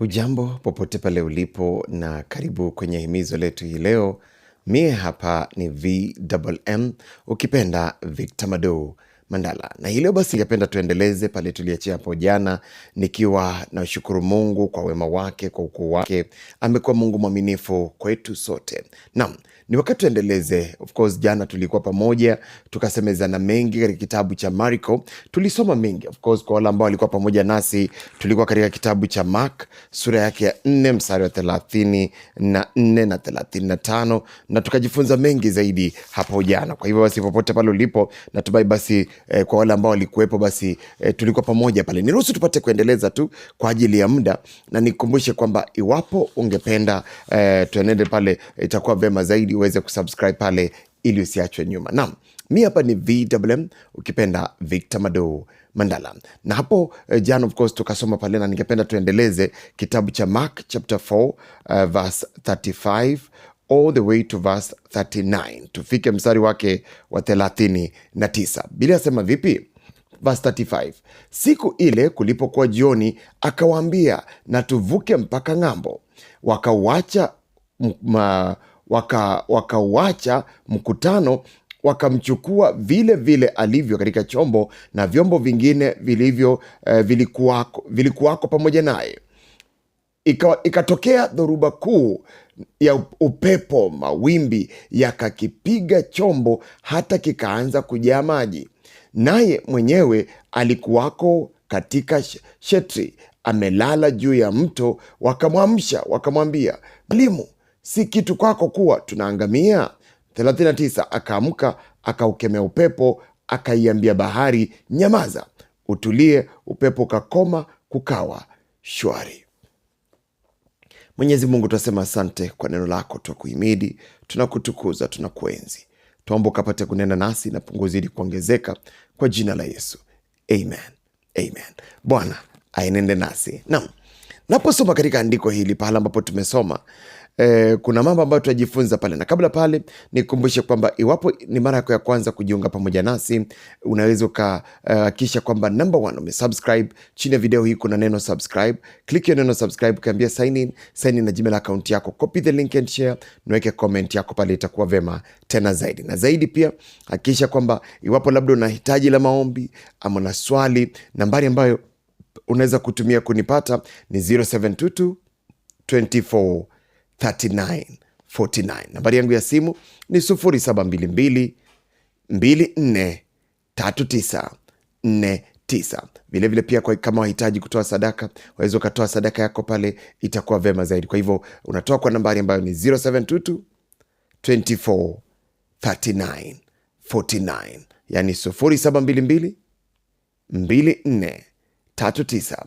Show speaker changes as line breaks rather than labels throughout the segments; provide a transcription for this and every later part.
Hujambo popote pale ulipo na karibu kwenye himizo letu hii leo. Mie hapa ni VMM, ukipenda Victor Mado. Mandala. Na hilo basi ningependa tuendeleze pale tuliachia hapo jana, nikiwa na shukuru Mungu kwa wema wake, kwa ukuu wake. Amekuwa Mungu mwaminifu kwetu sote. Naam, ni wakati tuendeleze. Of course, jana tulikuwa pamoja tukasemezana mengi katika kitabu cha Marko, tulisoma mengi. Of course, kwa wale ambao walikuwa pamoja nasi, tulikuwa katika kitabu cha Mark sura yake ya nne mstari wa thelathini na nne na thelathini na tano na tukajifunza mengi zaidi hapo jana. Kwa hivyo basi, popote pale ulipo, natumai basi eh, kwa wale ambao walikuwepo basi eh, tulikuwa pamoja pale. Niruhusu tupate kuendeleza tu kwa ajili ya muda, na nikukumbushe kwamba iwapo ungependa eh, tuenende pale, itakuwa vema zaidi uweze kusubscribe pale ili usiachwe nyuma. Naam, mi hapa ni VMM, ukipenda Victor Mado Mandala, na hapo eh, jana of course tukasoma pale, na ningependa tuendeleze kitabu cha Mark chapter 4 uh, eh, verse 35 all the way to verse 39, tufike mstari wake wa 39. bila asema vipi? Verse 35, siku ile kulipokuwa jioni, akawaambia na tuvuke mpaka ng'ambo. Wakauacha waka, mkutano wakamchukua vile vile alivyo katika chombo na vyombo vingine vilivyo eh, vilikuwako, vilikuwako pamoja naye. Ikatokea dhoruba kuu ya upepo, mawimbi yakakipiga chombo hata kikaanza kujaa maji, naye mwenyewe alikuwako katika shetri amelala juu ya mto. Wakamwamsha wakamwambia, Mwalimu, si kitu kwako kuwa tunaangamia? 39 Akaamka akaukemea upepo, akaiambia bahari, nyamaza, utulie. Upepo ukakoma, kukawa shwari. Mwenyezi Mungu, tunasema asante kwa neno lako, twakuhimidi, tunakutukuza, tunakuenzi. Twaomba ukapate kunena nasi na punguzi ili kuongezeka, kwa jina la Yesu, amen, amen. Bwana aenende nasi. Naam, naposoma katika andiko hili, pahala ambapo tumesoma eh, kuna mambo ambayo tunajifunza pale, na kabla pale nikukumbushe kwamba iwapo ni mara yako ya kwanza kujiunga pamoja nasi, unaweza ukahakikisha eh, uh, kwamba number one umesubscribe. Chini ya video hii kuna neno subscribe, click hiyo neno subscribe, ukiambia sign in, sign in na Gmail account yako, copy the link and share, niweke comment yako pale, itakuwa vema tena zaidi na zaidi. Pia hakikisha kwamba iwapo labda unahitaji la maombi ama na swali, nambari ambayo unaweza kutumia kunipata ni 0722 24 3949. Nambari yangu ya simu ni 722 2439 49. Vilevile pia kwa kama wahitaji kutoa sadaka, waweza ukatoa sadaka yako pale, itakuwa vema zaidi. Kwa hivyo unatoa kwa nambari ambayo ni 0722 24 39 49, yani 0722 24 39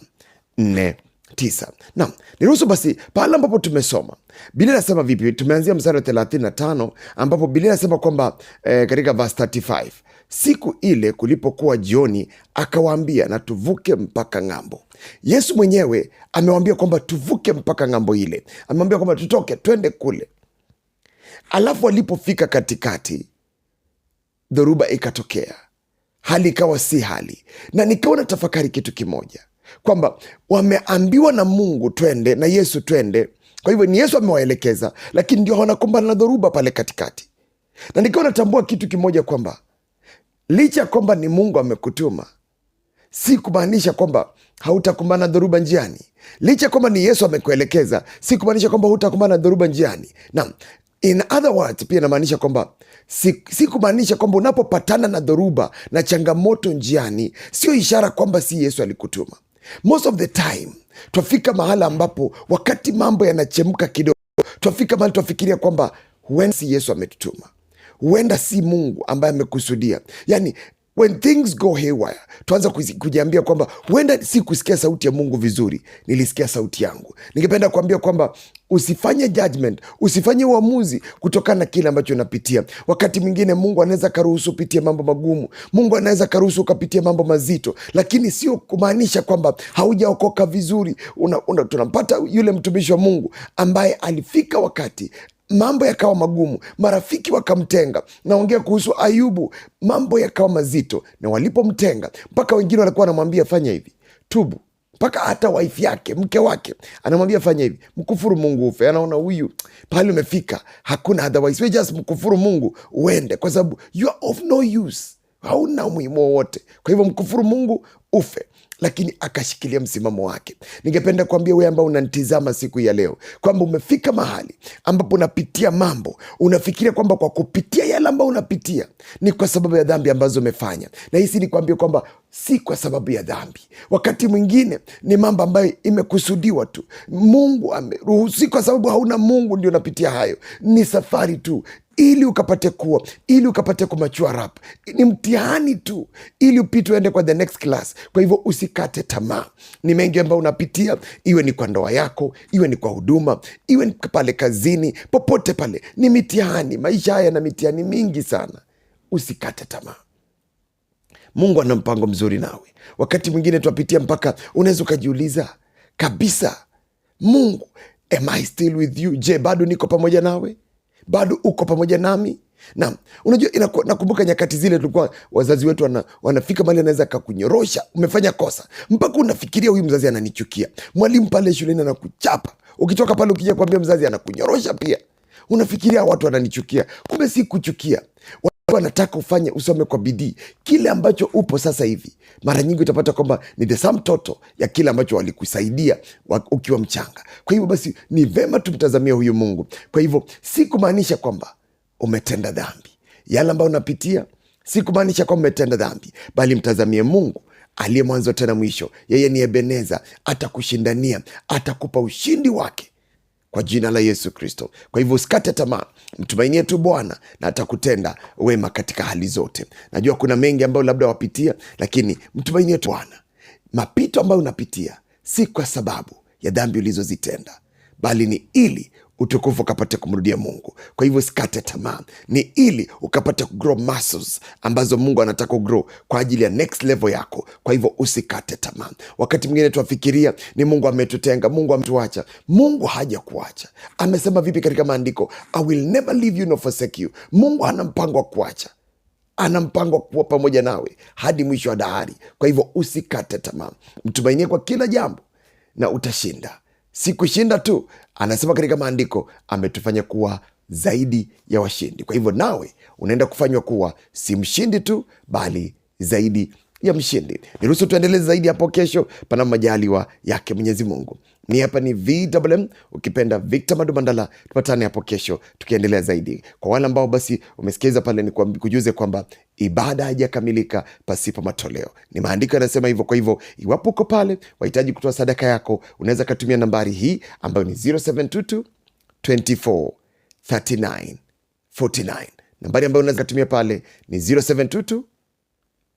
tisa. Na niruhusu basi pale ambapo tumesoma Biblia inasema vipi? Tumeanzia mstari wa 35 ambapo Biblia inasema kwamba eh, katika verse 35 siku ile kulipokuwa jioni, akawaambia na tuvuke mpaka ng'ambo. Yesu mwenyewe amewaambia kwamba tuvuke mpaka ng'ambo ile, amewaambia kwamba tutoke twende kule. Alafu alipofika katikati, dhoruba ikatokea, hali ikawa si hali, na nikaona tafakari kitu kimoja kwamba wameambiwa na Mungu twende na Yesu twende. Kwa hivyo ni Yesu amewaelekeza, lakini ndio wanakumbana na dhoruba pale katikati. Na nikiwa natambua kitu kimoja kwamba licha ya kwamba ni Mungu amekutuma, si kumaanisha kwamba hautakumbana na dhoruba njiani. Licha ya kwamba ni Yesu amekuelekeza, si kumaanisha kwamba hutakumbana na dhoruba njiani. Naam, in other words, pia inamaanisha kwamba si, si kumaanisha kwamba unapopatana na dhoruba na changamoto njiani, sio ishara kwamba si Yesu alikutuma most of the time twafika mahala ambapo wakati mambo yanachemka kidogo, twafika mahali twafikiria kwamba huenda si Yesu ametutuma, huenda si Mungu ambaye amekusudia. Yani when things go haywire, tuanza kujiambia kwamba huenda si kusikia sauti ya Mungu vizuri, nilisikia sauti yangu. Ningependa kuambia kwamba usifanye judgment, usifanye uamuzi kutokana na kile ambacho unapitia. Wakati mwingine Mungu anaweza karuhusu upitie mambo magumu, Mungu anaweza karuhusu ukapitia mambo mazito, lakini sio kumaanisha kwamba haujaokoka vizuri. Una, una, tunampata yule mtumishi wa Mungu ambaye alifika wakati mambo yakawa magumu, marafiki wakamtenga. Naongea kuhusu Ayubu, mambo yakawa mazito, na walipomtenga mpaka wengine walikuwa wanamwambia fanya hivi, tubu mpaka hata waifi yake mke wake anamwambia fanya hivi, mkufuru Mungu ufe. Anaona huyu pahali umefika, hakuna otherwise, we just mkufuru Mungu uende, kwa sababu you are of no use, hauna umuhimu wowote. Kwa hivyo mkufuru Mungu ufe lakini akashikilia msimamo wake. Ningependa kuambia wewe ambao unanitizama siku ya leo kwamba umefika mahali ambapo unapitia mambo, unafikiria kwamba kwa kupitia yale ambayo unapitia ni kwa sababu ya dhambi ambazo umefanya, na hisi ni kuambia kwamba si kwa sababu ya dhambi. Wakati mwingine ni mambo ambayo imekusudiwa tu, Mungu ameruhusi, kwa sababu hauna Mungu ndio unapitia hayo. Ni safari tu ili ukapate kuwa, ili ukapate kumachua rap, ni mtihani tu, ili upite uende kwa the next class, kwa hivyo usikate tamaa. Ni mengi ambayo unapitia, iwe ni kwa ndoa yako, iwe ni kwa huduma, iwe ni pale kazini, popote pale, ni mitihani. Maisha haya na mitihani mingi sana. Usikate tamaa. Mungu ana mpango mzuri nawe. Wakati mwingine tunapitia mpaka unaweza ukajiuliza kabisa, Mungu, am I still with you? Je, bado niko pamoja nawe? Bado uko pamoja nami? Naam, unajua nakumbuka nyakati zile tulikuwa wazazi wetu wana, wanafika mali anaweza kakunyorosha umefanya kosa mpaka unafikiria huyu mzazi ananichukia. Mwalimu pale shuleni anakuchapa, ukitoka pale ukija kuambia mzazi anakunyorosha pia, unafikiria watu wananichukia, kumbe si kuchukia anataka ufanye usome kwa bidii kile ambacho upo sasa hivi. Mara nyingi utapata kwamba ni the sum total ya kile ambacho walikusaidia ukiwa mchanga. Kwa hivyo basi, ni vema tumtazamia huyu Mungu. Kwa hivyo si kumaanisha kwamba umetenda dhambi. Yale ambayo unapitia si kumaanisha kwamba umetenda dhambi, bali mtazamie Mungu aliye mwanzo tena mwisho. Yeye ni Ebeneza, atakushindania, atakupa ushindi wake kwa jina la Yesu Kristo. Kwa hivyo usikate tamaa, mtumainie tu Bwana na atakutenda wema katika hali zote. Najua kuna mengi ambayo labda wapitia, lakini mtumainie tu Bwana. Mapito ambayo unapitia si kwa sababu ya dhambi ulizozitenda, bali ni ili utukufu ukapate kumrudia Mungu. Kwa hivyo usikate tamaa, ni ili ukapate kugrow muscles ambazo Mungu anataka ugrow kwa ajili ya next level yako. Kwa hivyo usikate tamaa. Wakati mwingine tuafikiria ni Mungu ametutenga, Mungu ametuacha. Mungu haja kuacha. Amesema vipi katika maandiko? I will never leave you nor forsake you. Mungu ana mpango wa kuacha ana mpango kuwa pamoja nawe hadi mwisho wa dahari. Kwa hivyo usikate tamaa, mtumainie kwa kila jambo na utashinda si kushinda tu, anasema katika maandiko ametufanya kuwa zaidi ya washindi. Kwa hivyo nawe unaenda kufanywa kuwa si mshindi tu, bali zaidi ya mshindi. Niruhusu tuendelee zaidi hapo kesho, pana majaliwa yake Mwenyezi Mungu. Ni hapa ni VMM, ukipenda Victor Mandala. Tupatane hapo kesho tukiendelea zaidi. Kwa wale ambao basi umesikiliza pale, ni kujuze kwamba ibada haijakamilika pasipo matoleo, ni maandiko yanasema hivyo. Kwa hivyo, iwapo uko pale wahitaji kutoa sadaka yako, unaweza katumia nambari hii ambayo ni 0722 24 39 49. Nambari ambayo unaweza katumia pale ni 0722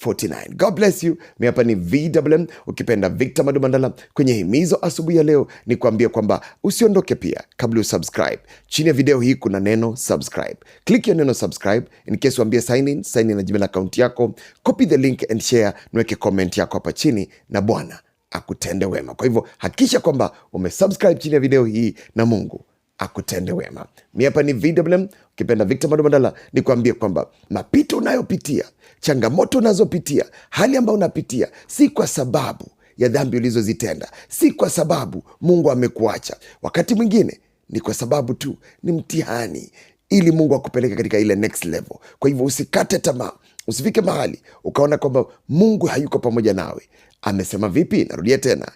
49. God bless you. Mi hapa ni VMM, ukipenda Victor madumandala Kwenye himizo asubuhi ya leo ni kuambia kwamba usiondoke pia kabla usubscribe. Chini ya video hii kuna neno subscribe. Click ya neno subscribe in case uambie sign in, sign in na Gmail account yako, copy the link and share, niweke comment yako hapa chini na Bwana akutende wema. Kwa hivyo hakikisha kwamba umesubscribe chini ya video hii na Mungu akutende wema. Mi hapa ni VWM, ukipenda Victor Mandala, nikuambie kwamba mapito unayopitia, changamoto unazopitia, hali ambayo unapitia si kwa sababu ya dhambi ulizozitenda, si kwa sababu Mungu amekuacha. Wakati mwingine ni kwa sababu tu ni mtihani, ili Mungu akupeleke katika ile next level. Kwa hivyo usikate tamaa, usifike mahali ukaona kwamba Mungu hayuko pamoja nawe. Amesema vipi? Narudia tena,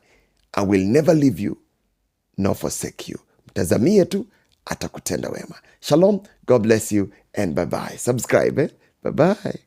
I will never leave you nor forsake you mtazamie tu, atakutenda wema. Shalom, God bless you and bye bye. Subscribe, eh? Bye bye.